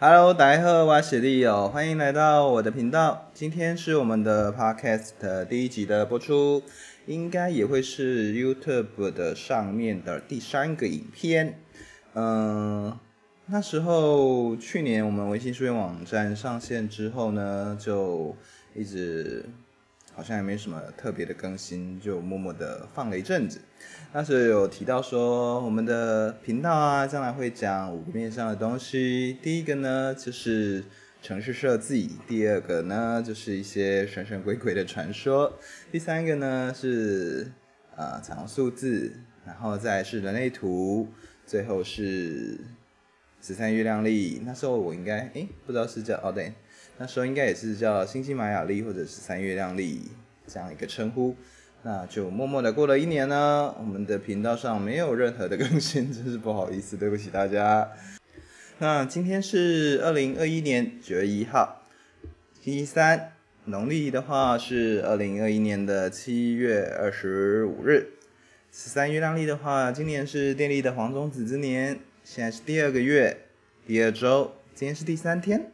Hello，大家好，我是麗友，歡迎來到我的頻道。今天是我們的 Podcast 第一集的播出，應該也會是 YouTube 的上面的第三個影片。嗯、呃，那時候去年我們微信書院網站上線之後呢，就一直。好像也沒什麼特別的更新，就默默的放了一陣子。那時候有提到說，我們的頻道啊，將來會講五個面上的東西。第一個呢，就是程式設計；第二個呢，就是一些神神鬼鬼的傳說；第三個呢，是呃彩虹數字；然後再是人類圖；最後是十三月亮曆。那時候我應該誒、欸，不知道是這哦，對。那時候應該也是叫“星星瑪雅曆”或者是“三月亮曆”這樣一個稱呼。那就默默的過了一年呢，我們的頻道上沒有任何的更新，真是不好意思，對不起大家。那今天是二零二一年九月一號，星期三。農曆的話是二零二一年的七月二十五日。十三月亮曆的話，今年是電力的黃種子之年，現在是第二個月，第二周，今天是第三天。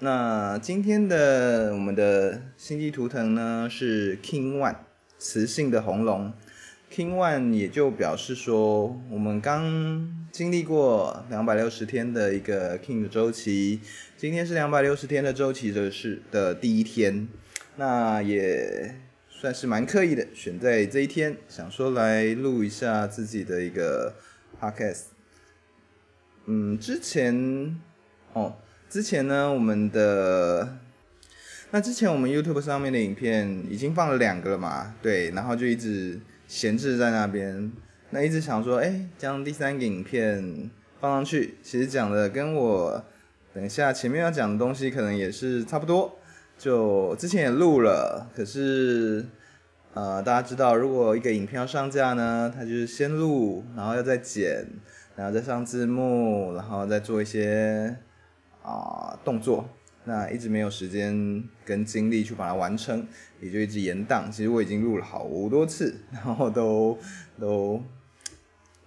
那今天的我們的星際圖騰呢是 KIN One，磁性的紅龍。KIN One 也就表示說，我們剛經歷過兩百六十天的一個 KIN 的週期，今天是兩百六十天的週期的是的第一天。那也算是蠻刻意的，選在這一天，想說來錄一下自己的一個 podcast。嗯，之前哦。之前呢，我們的，那之前我們 YouTube 上面的影片已經放了兩個了嘛，對，然後就一直閒置在那邊。那一直想說，哎，將第三個影片放上去，其實講的跟我等一下前面要講的東西可能也是差不多。就之前也錄了，可是呃，大家知道，如果一個影片要上架呢，它就是先錄，然後要再剪，然後再上字幕，然後再做一些。啊，動作，那一直沒有時間跟精力去把它完成，也就一直延宕。其實我已經錄了好多次，然後都都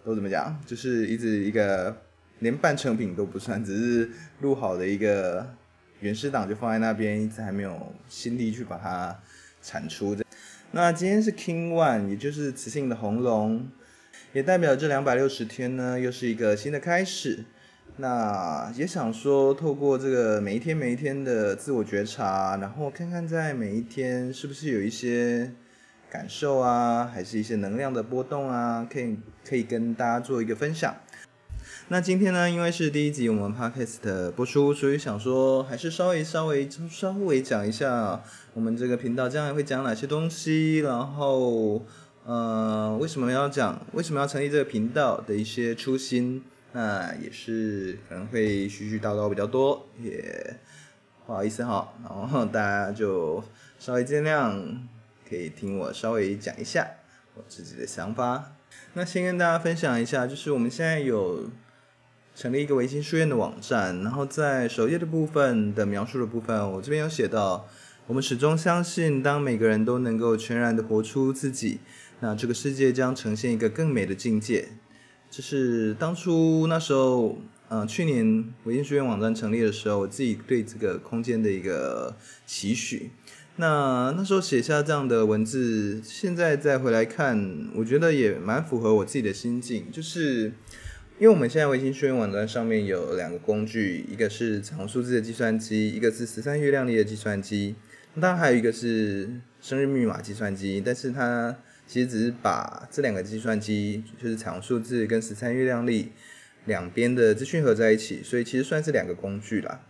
都怎麼講，就是一直一個連半成品都不算，只是錄好的一個原始檔就放在那邊，一直還沒有心力去把它產出這。那今天是 Kin One，也就是磁性的紅龍，也代表這兩百六十天呢，又是一個新的開始。那也想說，透過這個每一天每一天的自我覺察，然後看看在每一天是不是有一些感受啊，還是一些能量的波動啊，可以可以跟大家做一個分享。那今天呢，因為是第一集我們 Podcast 播出，所以想說還是稍微稍微稍微講一下我們這個頻道將來會講哪些東西，然後呃為什麼要講，為什麼要成立這個頻道的一些初心。那也是可能會絮絮叨叨比較多，也不好意思哈，然後大家就稍微見諒，可以聽我稍微講一下我自己的想法。那先跟大家分享一下，就是我們現在有成立一個維新書院的網站，然後在首頁的部分的描述的部分，我這邊有寫到，我們始終相信，當每個人都能夠全然的活出自己，那這個世界將呈現一個更美的境界。就是當初那時候，嗯、呃，去年微信書院網站成立的時候，我自己對這個空間的一個期許。那那時候寫下這樣的文字，現在再回來看，我覺得也蠻符合我自己的心境。就是因為我們現在微信書院網站上面有兩個工具，一個是長數字的計算機，一個是十三月亮曆的計算機。當然還有一個是生日密碼計算機，但是它。其實只是把這兩個計算機，就是彩虹數字跟十三月亮曆兩邊的資訊合在一起，所以其實算是兩個工具啦。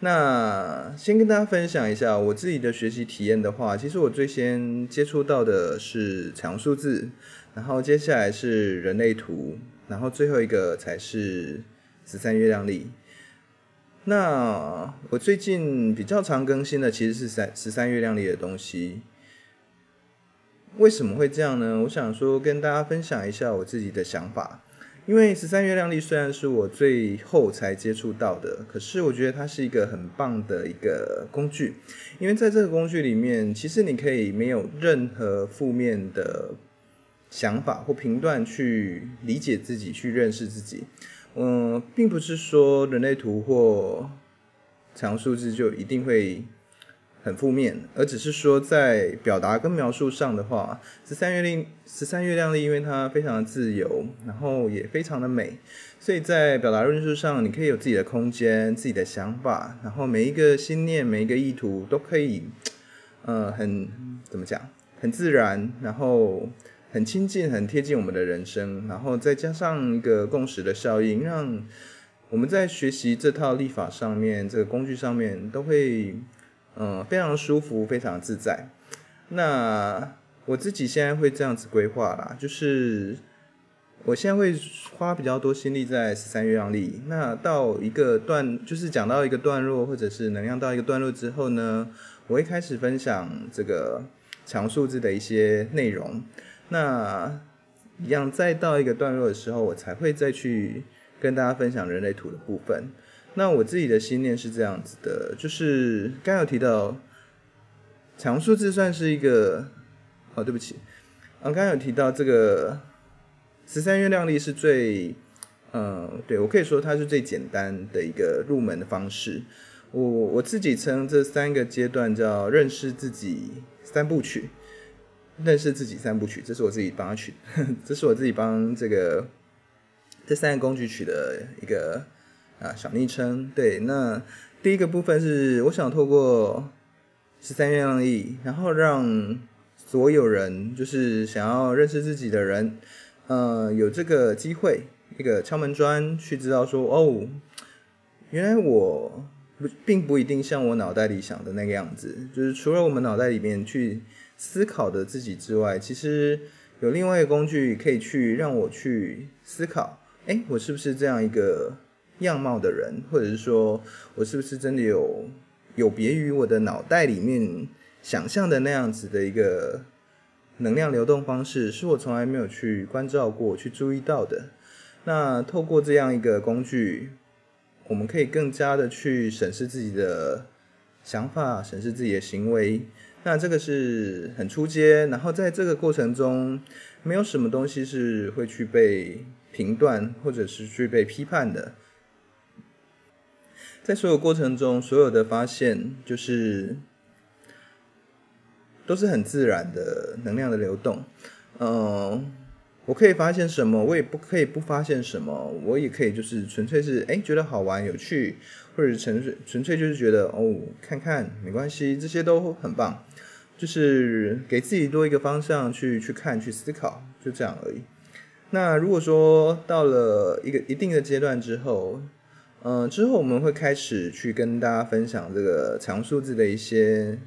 那先跟大家分享一下我自己的學習體驗的話，其實我最先接觸到的是彩虹數字，然後接下來是人類圖，然後最後一個才是十三月亮曆。那我最近比較常更新的其實是十三十三月亮曆的東西。為什麼會這樣呢？我想說跟大家分享一下我自己的想法。因為十三月亮曆雖然是我最後才接觸到的，可是我覺得它是一個很棒的一個工具。因為在這個工具裡面，其實你可以沒有任何負面的想法或評斷去理解自己，去認識自己。嗯，並不是說人類圖或常數字就一定會。很負面，而只是說在表達跟描述上的話，十三月曆、十三月亮曆，亮因為它非常的自由，然後也非常的美，所以在表達論述上，你可以有自己的空間、自己的想法，然後每一個心念、每一個意圖都可以，呃，很怎麼講，很自然，然後很親近、很貼近我們的人生，然後再加上一個共識的效應，讓我們在學習這套曆法上面、這個工具上面都會。嗯，非常舒服，非常自在。那我自己現在會這樣子規劃啦，就是我現在會花比較多心力在十三月亮曆。那到一個段，就是講到一個段落，或者是能量到一個段落之後呢，我會開始分享這個強數字的一些內容。那一樣再到一個段落的時候，我才會再去跟大家分享人類圖的部分。那我自己的心念是這樣子的，就是剛有提到彩虹數字算是一個，哦，對不起，啊，剛有提到這個十三月亮曆是最，嗯、呃、對，我可以說它是最簡單的一個入門的方式。我我自己稱這三個階段叫認識自己三部曲，認識自己三部曲，這是我自己幫他取的呵呵，這是我自己幫這個這三個工具取的一個。啊，小昵稱對。那第一個部分是，我想透過十三月亮曆，然後讓所有人，就是想要認識自己的人，呃，有這個機會，一個敲門磚，去知道說，哦，原來我不並不一定像我腦袋裡想的那個樣子。就是除了我們腦袋裡面去思考的自己之外，其實有另外一個工具可以去讓我去思考，哎、欸，我是不是這樣一個？樣貌的人，或者是說我是不是真的有有別於我的腦袋裡面想象的那樣子的一個能量流動方式，是我從來沒有去觀照過，去注意到的。那透過這樣一個工具，我們可以更加的去審視自己的想法，審視自己的行為。那這個是很初階，然後在這個過程中，沒有什麼東西是會去被評斷，或者是去被批判的。在所有過程中，所有的發現就是都是很自然的能量的流動。嗯，我可以發現什麼，我也不可以不發現什麼。我也可以就是純粹是欸，覺得好玩有趣，或者純粹純粹就是覺得哦，看看沒關係，這些都很棒。就是給自己多一個方向去去看去思考，就這樣而已。那如果說到了一個一定的階段之後，嗯，之後我們會開始去跟大家分享這個長數字的一些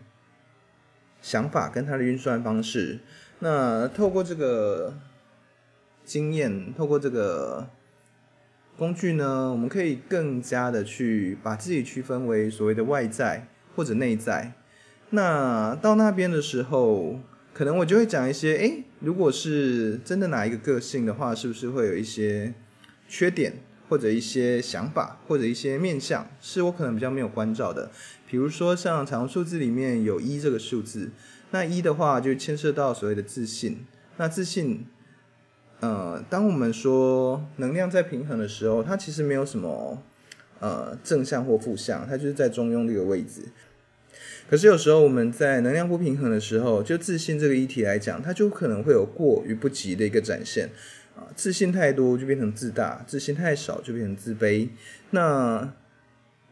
想法跟它的運算方式。那透過這個經驗，透過這個工具呢，我們可以更加的去把自己區分為所謂的外在或者內在。那到那邊的時候，可能我就會講一些，哎、欸，如果是真的哪一個個性的話，是不是會有一些缺點？或者一些想法，或者一些面向，是我可能比較沒有關照的。比如說，像彩虹數字裡面有一這個數字，那一的話就牽涉到所謂的自信。那自信，呃，當我們說能量在平衡的時候，它其實沒有什麼呃正向或負向，它就是在中庸這個位置。可是有時候我們在能量不平衡的時候，就自信這個議題來講，它就可能會有過於不及的一個展現。啊，自信太多就變成自大，自信太少就變成自卑。那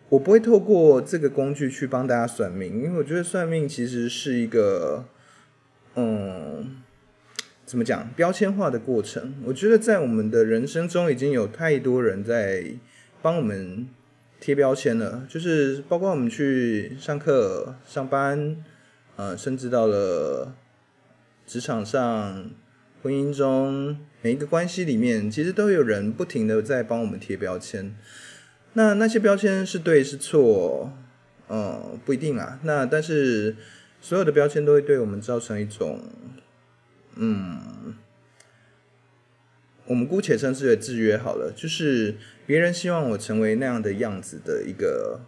我不會透過這個工具去幫大家算命，因為我覺得算命其實是一個，嗯，怎麼講，標籤化的過程。我覺得在我們的人生中已經有太多人在幫我們貼標籤了，就是包括我們去上課、上班，呃，甚至到了職場上。婚姻中每一個關係裡面，其實都有人不停的在幫我們貼標籤。那那些標籤是對是錯，嗯，不一定啊。那但是所有的標籤都會對我們造成一種，嗯，我們姑且稱之為制約好了，就是別人希望我成為那樣的樣子的一個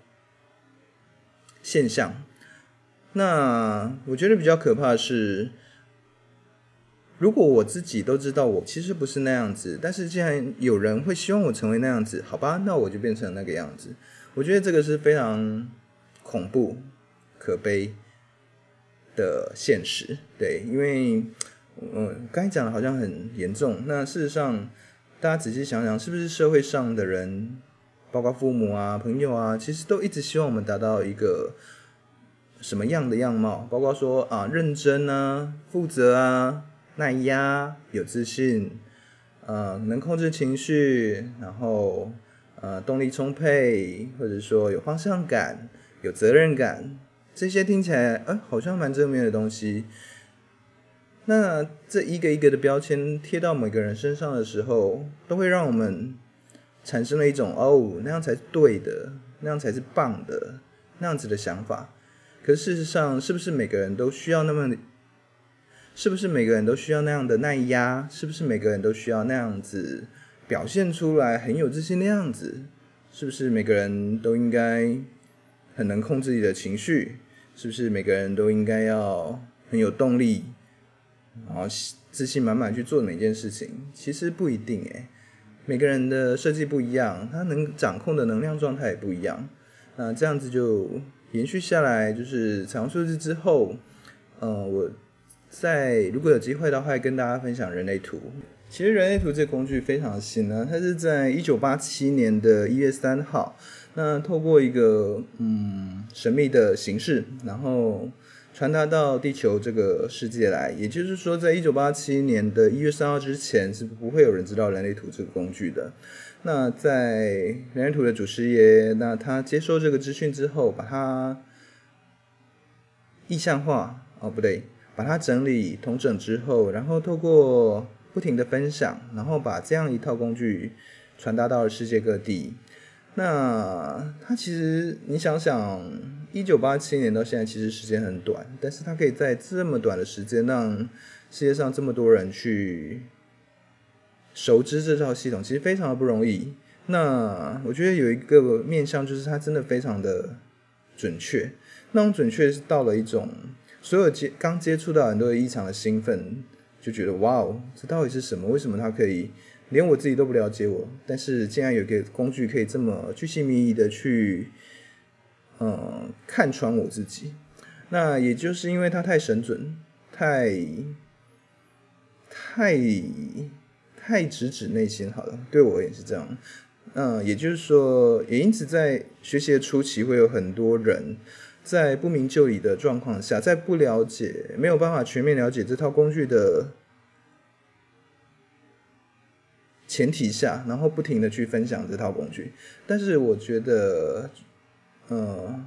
現象。那我覺得比較可怕的是。如果我自己都知道我其實不是那樣子，但是既然有人會希望我成為那樣子，好吧，那我就變成那個樣子。我覺得這個是非常恐怖、可悲的現實。對，因為嗯，剛才講的好像很嚴重，那事實上，大家仔細想想，是不是社會上的人，包括父母啊、朋友啊，其實都一直希望我們達到一個什麼樣的樣貌？包括說啊，認真啊，負責啊。耐壓、有自信，呃，能控制情緒，然後呃，動力充沛，或者說有方向感、有責任感，這些聽起來呃好像蠻正面的東西。那這一個一個的標籤貼到每個人身上的時候，都會讓我們產生了一種哦，那樣才是對的，那樣才是棒的，那樣子的想法。可事實上，是不是每個人都需要那麼？是不是每個人都需要那樣的耐壓？是不是每個人都需要那樣子表現出來很有自信的樣子？是不是每個人都應該很能控制自己的情緒？是不是每個人都應該要很有動力，然後自信滿滿去做每件事情？其實不一定誒、欸，每個人的設計不一樣，他能掌控的能量狀態也不一樣。那這樣子就延續下來，就是長數字之後，嗯、呃，我。在如果有機會的話，跟大家分享人類圖。其實人類圖這個工具非常新啊，它是在一九八七年的一月三號，那透過一個嗯，神秘的形式，然後傳達到地球這個世界來。也就是說，在一九八七年的一月三號之前，是不會有人知道人類圖這個工具的。那在人類圖的祖師爺，那他接收這個資訊之後，把它意象化哦，不對。把它整理、統整之後，然後透過不停的分享，然後把這樣一套工具傳達到了世界各地。那它其實，你想想，一九八七年到現在，其實時間很短，但是它可以在這麼短的時間讓世界上這麼多人去熟知這套系統，其實非常的不容易。那我覺得有一個面向就是，它真的非常的準確，那種準確是到了一種。所有接剛接觸到很多異常的興奮，就覺得哇哦，這到底是什麼？為什麼他可以連我自己都不了解我？但是竟然有一個工具可以這麼巨細靡遺的去，嗯，看穿我自己。那也就是因為他太神準，太太太直指內心。好了，對我也是這樣。嗯，也就是說，也因此在學習的初期會有很多人。在不明就裡的狀況下，在不了解、沒有辦法全面了解這套工具的前提下，然後不停的去分享這套工具，但是我覺得，嗯、呃，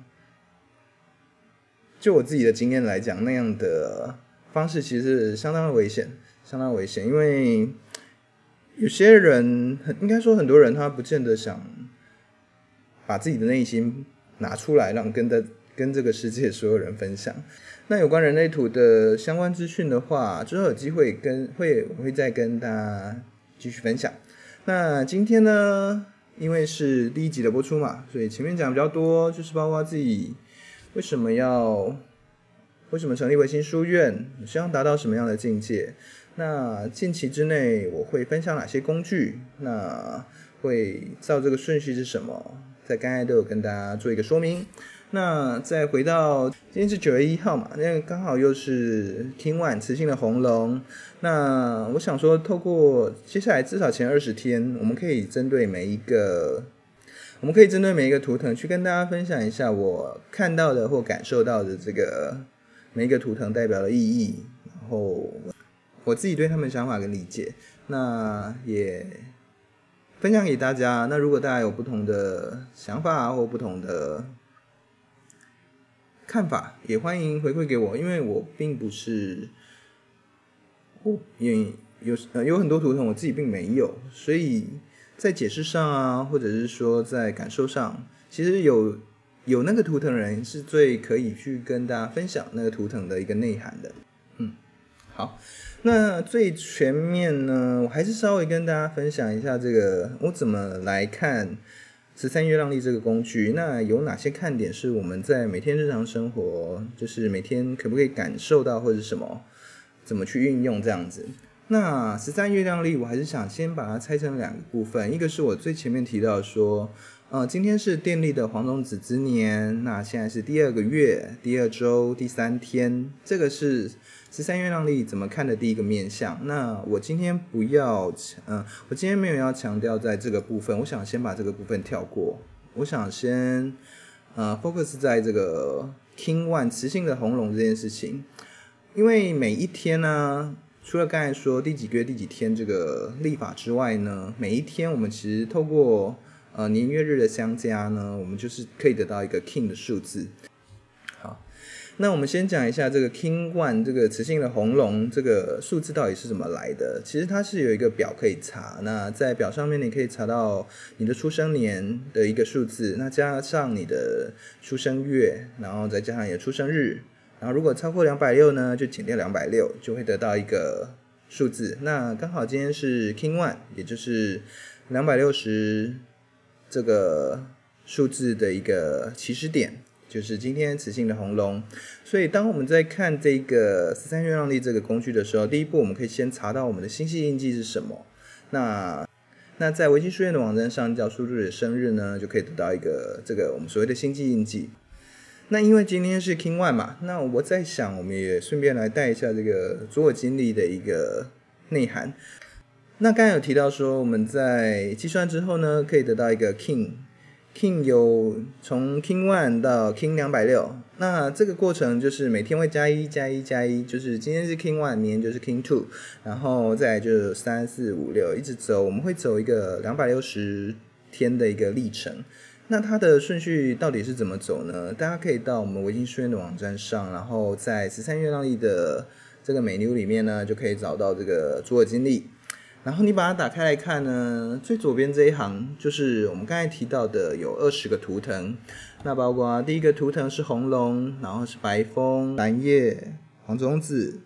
就我自己的經驗來講，那樣的方式其實相當的危險，相當危險，因為有些人，應該說很多人，他不見得想把自己的內心拿出來，讓跟在跟這個世界所有人分享。那有關人類圖的相關資訊的話，之後有機會跟會我會再跟大家繼續分享。那今天呢，因為是第一集的播出嘛，所以前面講的比較多，就是包括自己為什麼要為什麼成立衛星書院，希望達到什麼樣的境界。那近期之內我會分享哪些工具，那會照這個順序是什麼，在剛才都有跟大家做一個說明。那再回到今天是九月一號嘛，那個、剛好又是 KIN 1磁性的紅龍。那我想說，透過接下來至少前二十天，我們可以針對每一個，我們可以針對每一個圖騰去跟大家分享一下我看到的或感受到的這個每一個圖騰代表的意義，然後我自己對他們想法跟理解，那也分享給大家。那如果大家有不同的想法或不同的。看法，也歡迎回饋給我，因為我並不是，也有有很多圖騰，我自己並沒有，所以在解釋上啊，或者是說在感受上，其實有有那個圖騰人是最可以去跟大家分享那個圖騰的一個內涵的。嗯，好，那最全面呢，我還是稍微跟大家分享一下這個我怎麼來看。十三月亮曆這個工具，那有哪些看點是我們在每天日常生活，就是每天可不可以感受到或者什麼，怎麼去運用這樣子？那十三月亮曆我還是想先把它拆成兩個部分，一個是我最前面提到的說，呃，今天是電力的黃種子之年，那現在是第二個月、第二周、第三天，這個是。十三月亮曆怎麼看的第一個面向，那我今天不要，嗯、呃，我今天沒有要強調在這個部分，我想先把這個部分跳過，我想先，呃，focus 在這個 KIN One 磁性的紅龍這件事情，因為每一天呢、啊，除了剛才說第幾個月第幾天這個曆法之外呢，每一天我們其實透過呃年月日的相加呢，我們就是可以得到一個 KIN 的數字。那我們先講一下這個 KIN 1這個磁性的紅龍這個數字到底是怎麼來的？其實它是有一個表可以查。那在表上面你可以查到你的出生年的一個數字，那加上你的出生月，然後再加上你的出生日，然後如果超過兩百六呢，就減掉兩百六，就會得到一個數字。那剛好今天是 KIN 1，也就是兩百六十這個數字的一個起始點。就是今天磁性的紅龍，所以當我們在看這個十三月亮曆這個工具的時候，第一步我們可以先查到我們的星系印記是什麼。那那在維基書院的網站上，叫輸入你的生日呢，就可以得到一個這個我們所謂的星系印記。那因為今天是 King One 嘛，那我在想，我們也順便來帶一下這個自我經歷的一個內涵。那剛才有提到說，我們在計算之後呢，可以得到一個 King。King 有從 KIN One 到 KIN 兩百六，那這個過程就是每天會加一加一加一，就是今天是 KIN One，明天就是 KIN Two，然後再來就三四五六一直走，我們會走一個兩百六十天的一個歷程。那它的順序到底是怎麼走呢？大家可以到我們維京書院的網站上，然後在十三月亮曆的這個 Menu 裡面呢，就可以找到這個卓爾金曆。然後你把它打開來看呢，最左邊這一行就是我們剛才提到的有二十個圖騰，那包括啊，第一個圖騰是紅龍，然後是白風、藍葉、黃種子、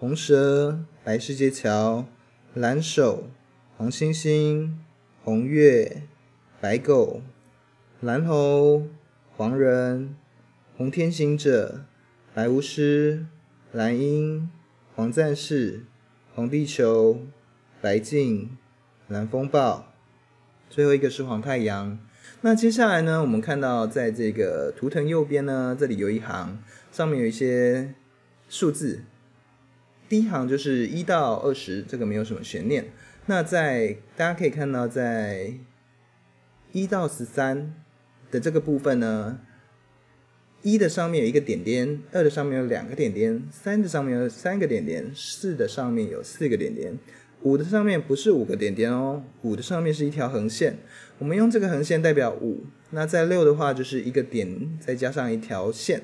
紅蛇、白世界橋、藍手、黃星星、紅月、白狗、藍猴、黃人、紅天行者、白巫師、藍鷹、黃戰士、紅地球。白鏡、藍風暴，最後一個是黃太陽。那接下來呢？我們看到在這個圖騰右邊呢，這裡有一行，上面有一些數字。第一行就是一到二十，這個沒有什麼懸念。那在大家可以看到，在一到十三的這個部分呢，一的上面有一個點點，二的上面有兩個點點，三的上面有三個點點，四的上面有四個點點。五的上面不是五個點點哦，五的上面是一條橫線。我們用這個橫線代表五。那在六的話就是一個點再加上一條線，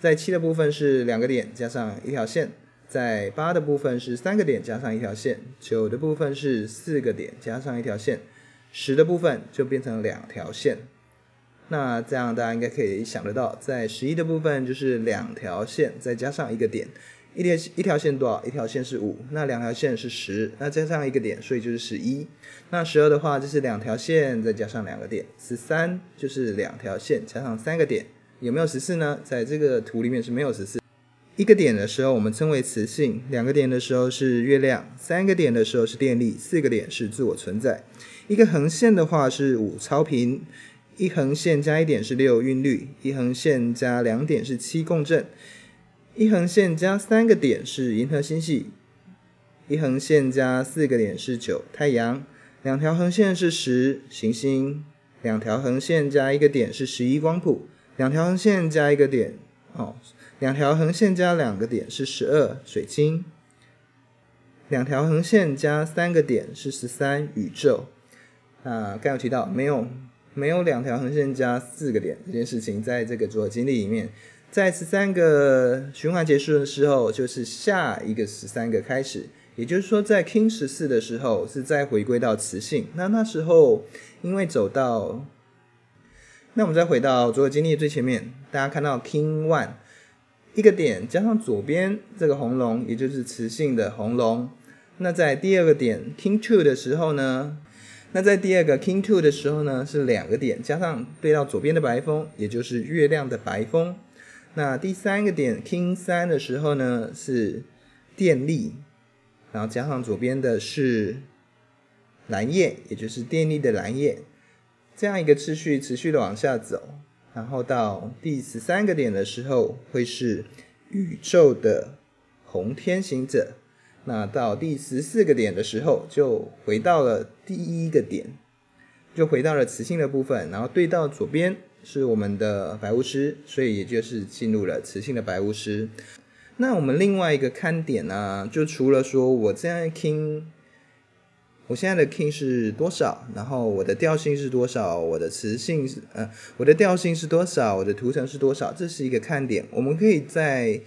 在七的部分是兩個點加上一條線，在八的部分是三個點加上一條線，九的部分是四個點加上一條線，十的部分就變成兩條線。那這樣大家應該可以想得到，在十一的部分就是兩條線再加上一個點。一條線一條線多少？一條線是五，那兩條線是十，那加上一個點，所以就是十一。那十二的話就是兩條線再加上兩個點，十三就是兩條線加上三個點。有沒有十四呢？在這個圖裡面是沒有十四。一個點的時候我們稱為磁性，兩個點的時候是月亮，三個點的時候是電力，四個點是自我存在。一個橫線的話是五超頻，一橫線加一點是六韻律，一橫線加兩點是七共振。一橫線加三個點是銀河星系，一橫線加四個點是九太陽，兩條橫線是十行星，兩條橫線加一個點是十一光譜，兩條橫線加一個點哦，兩條橫線加兩個點是十二水晶，兩條橫線加三個點是十三宇宙。啊、呃，剛才有提到沒有、沒有兩條橫線加四個點這件事情，在這個主要經歷裡面。在十三個循環結束的時候，就是下一個十三個開始。也就是說，在 KIN 十四的時候，是再回歸到磁性。那那時候，因為走到，那我們再回到卓爾金曆最前面，大家看到 KIN one 一個點加上左邊這個紅龍，也就是磁性的紅龍。那在第二個點 KIN two 的時候呢？那在第二個 KIN two 的時候呢？是兩個點加上對到左邊的白風，也就是月亮的白風。那第三個點，KIN 三的時候呢，是電力，然後加上左邊的是藍夜，也就是電力的藍夜，這樣一個次序持續的往下走，然後到第十三個點的時候會是宇宙的紅天行者，那到第十四個點的時候就回到了第一個點，就回到了磁性的部分，然後對到左邊。是我們的白巫師，所以也就是進入了磁性的白巫師。那我們另外一個看點呢、啊，就除了說我現在的 KIN，我現在的 KIN 是多少，然後我的調性是多少，我的磁性是呃，我的調性是多少，我的圖層是多少，這是一個看點。我們可以在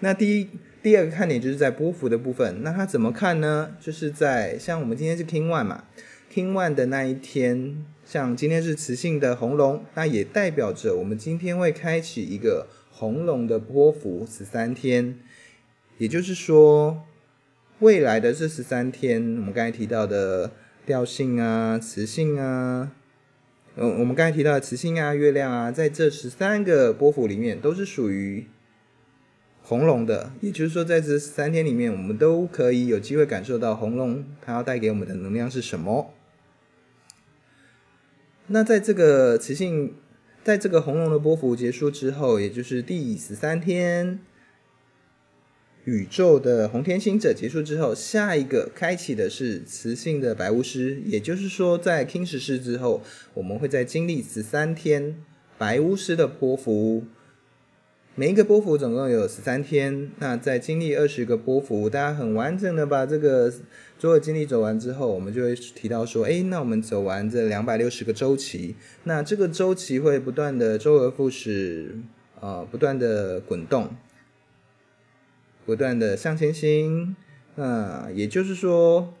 那第一第二個看點，就是在波幅的部分，那它怎麼看呢？就是在像我們今天是 KIN One 嘛，KIN One 的那一天。像今天是磁性的紅龍，那也代表着我們今天會開啟一個紅龍的波符十三天，也就是說，未來的這十三天，我們剛才提到的調性啊、磁性啊，嗯，我們剛才提到的磁性啊、月亮啊，在這十三個波符裡面都是屬於紅龍的，也就是說，在這十三天裡面，我們都可以有機會感受到紅龍它要帶給我們的能量是什麼。那在這個磁性，在這個紅龍的波幅結束之後，也就是第十三天，宇宙的紅天星者結束之後，下一個開啟的是磁性的白巫師。也就是說，在 KIN 13之後，我們會再經歷十三天白巫師的波幅。每一個波幅總共有十三天。那再經歷二十個波幅，大家很完整的把這個。所有經歷走完之後，我們就會提到說：“哎，那我們走完這兩百六十個周期，那這個周期會不斷的周而復始，呃，不斷的滾動，不斷的向前行。呃，也就是說，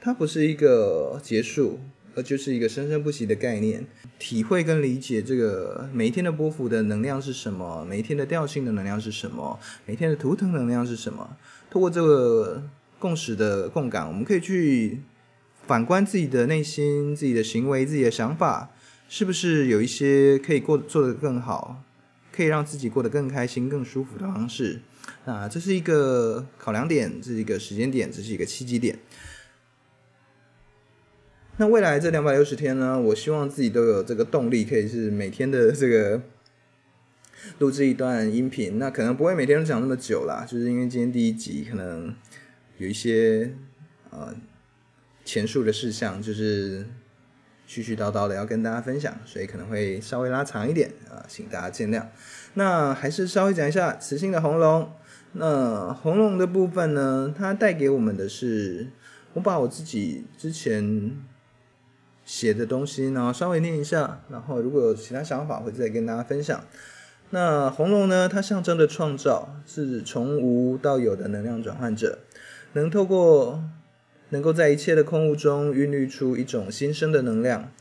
它不是一個結束，而就是一個生生不息的概念。體會跟理解這個每一天的波幅的能量是什麼，每一天的調性的能量是什麼，每一天的圖騰能量是什麼，通過這個。”共識的共感，我們可以去反觀自己的內心、自己的行為、自己的想法，是不是有一些可以過，做得更好，可以讓自己過得更開心、更舒服的方式？啊，這是一個考量點，這是一個時間點，這是一個契機點。那未來這兩百六十天呢？我希望自己都有這個動力，可以是每天的這個錄制一段音頻。那可能不會每天都講那麼久了，就是因為今天第一集可能。有一些呃前述的事項，就是絮絮叨叨的要跟大家分享，所以可能會稍微拉長一點啊、呃，請大家見諒。那還是稍微講一下磁性的紅龍。那紅龍的部分呢，它帶給我們的是我把我自己之前寫的東西，然後稍微念一下，然後如果有其他想法會再跟大家分享。那紅龍呢，它象徵的創造是從無到有的能量轉換者。能透過，能夠在一切的空物中孕育出一種新生的能量，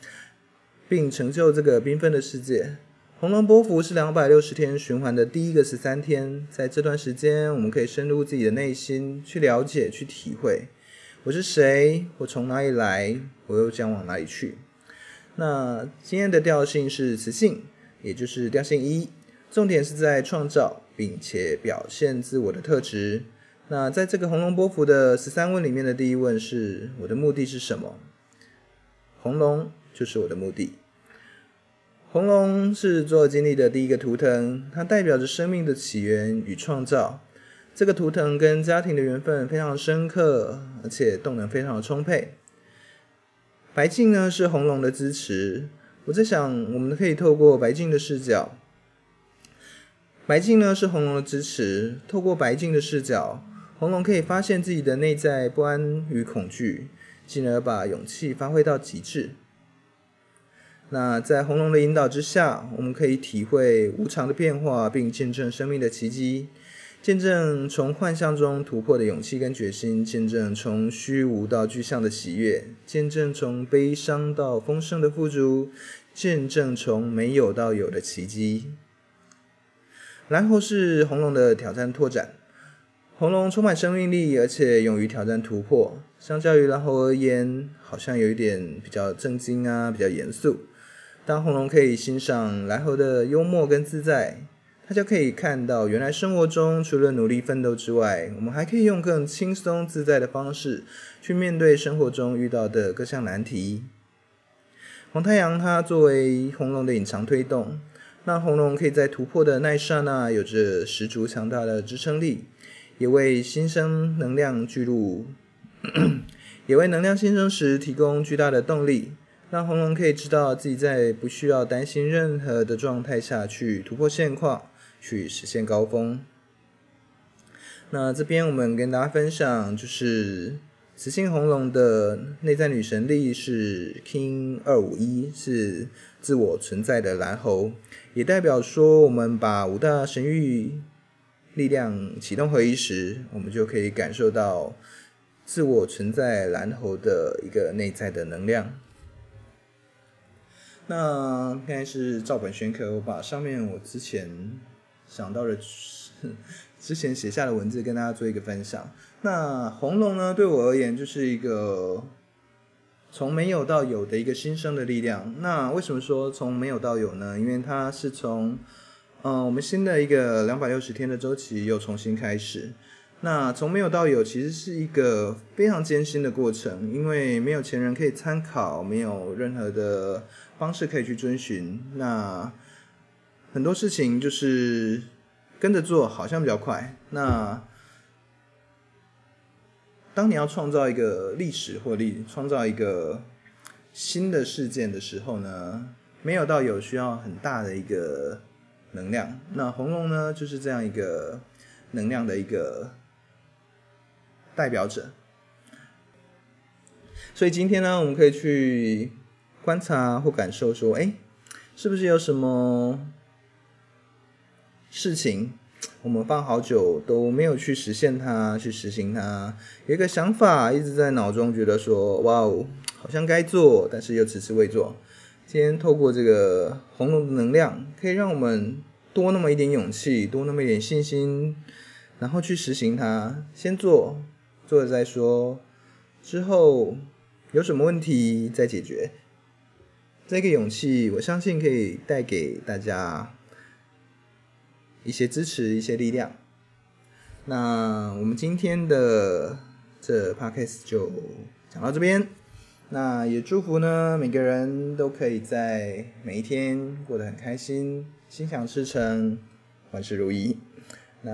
並成就這個繽紛的世界。紅龍波幅是兩百六十天循環的第一個十三天，在這段時間，我們可以深入自己的內心去了解、去體會：我是誰？我從哪裡來？我又將往哪裡去？那今天的調性是磁性，也就是調性一，重點是在創造並且表現自我的特質。那在這個紅龍波符的十三問裡面的第一問是，我的目的是什麼？紅龍就是我的目的。紅龍是卓爾金曆的第一個圖騰，它代表着生命的起源與創造。這個圖騰跟家庭的緣分非常深刻，而且動能非常的充沛。白鏡呢，是紅龍的支持，我在想我們可以透過白鏡的視角。白鏡呢，是紅龍的支持，透過白鏡的視角，紅龍可以發現自己的內在不安與恐懼，進而把勇氣發揮到極致。那在紅龍的引導之下，我們可以體會無常的變化，並見證生命的奇蹟，見證從幻象中突破的勇氣跟決心，見證從虛無到具象的喜悅，見證從悲傷到豐盛的富足，見證從沒有到有的奇蹟。然後是紅龍的挑戰拓展。紅龍充滿生命力，而且勇於挑戰突破。相較於藍猴而言，好像有一點比較正經啊，比較嚴肅。當紅龍可以欣賞藍猴的幽默跟自在，他就可以看到，原來生活中除了努力奮鬥之外，我們還可以用更輕鬆自在的方式去面對生活中遇到的各項難題。紅太陽它作為紅龍的隱藏推動，那紅龍可以在突破的那一剎那，有着十足強大的支撐力。也為新生能量聚入 也為能量新生時提供巨大的動力，讓紅龍可以知道自己在不需要擔心任何的狀態下去突破現況，去實現高峰。那這邊我們跟大家分享，就是磁性紅龍的內在女神力是 KIN 二五一，是自我存在的藍猴，也代表說我們把五大神域。力量啟動回憶時，我們就可以感受到自我存在藍猴的一個內在的能量，那現在是照本宣科，我把上面我之前想到的、之前寫下的文字跟大家做一個分享。那紅龍呢？對我而言就是一個從沒有到有的一個新生的力量。那為什麼說從沒有到有呢？因為它是從。嗯，我們新的一個兩百六十天的周期又重新開始。那從沒有到有，其實是一個非常艱辛的過程，因為沒有前人可以參考，沒有任何的方式可以去遵循。那很多事情就是跟着做，好像比較快。那當你要創造一個歷史或歷，創造一個新的事件的時候呢，沒有到有，需要很大的一個。能量，那紅龍呢？就是這樣一個能量的一個代表者。所以今天呢，我們可以去觀察或感受，說，哎、欸，是不是有什麼事情，我們放好久都沒有去實現它，去實行它？有一個想法一直在腦中，覺得說，哇哦，好像該做，但是又遲遲未做。今天透過這個紅龍的能量，可以讓我們多那麼一點勇氣，多那麼一點信心，然後去實行它，先做，做了再說，之後有什麼問題再解決。這個勇氣，我相信可以帶給大家一些支持，一些力量。那我們今天的這 podcast 就講到這邊。那也祝福呢，每個人都可以在每一天過得很開心，心想事成，萬事如意。那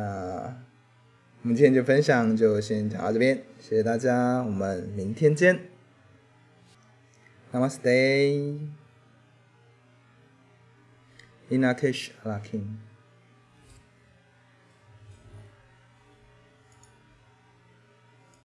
我們今天就分享就先講到這邊，謝謝大家，我們明天見。Namaste, In Lak'ech Ala K'in.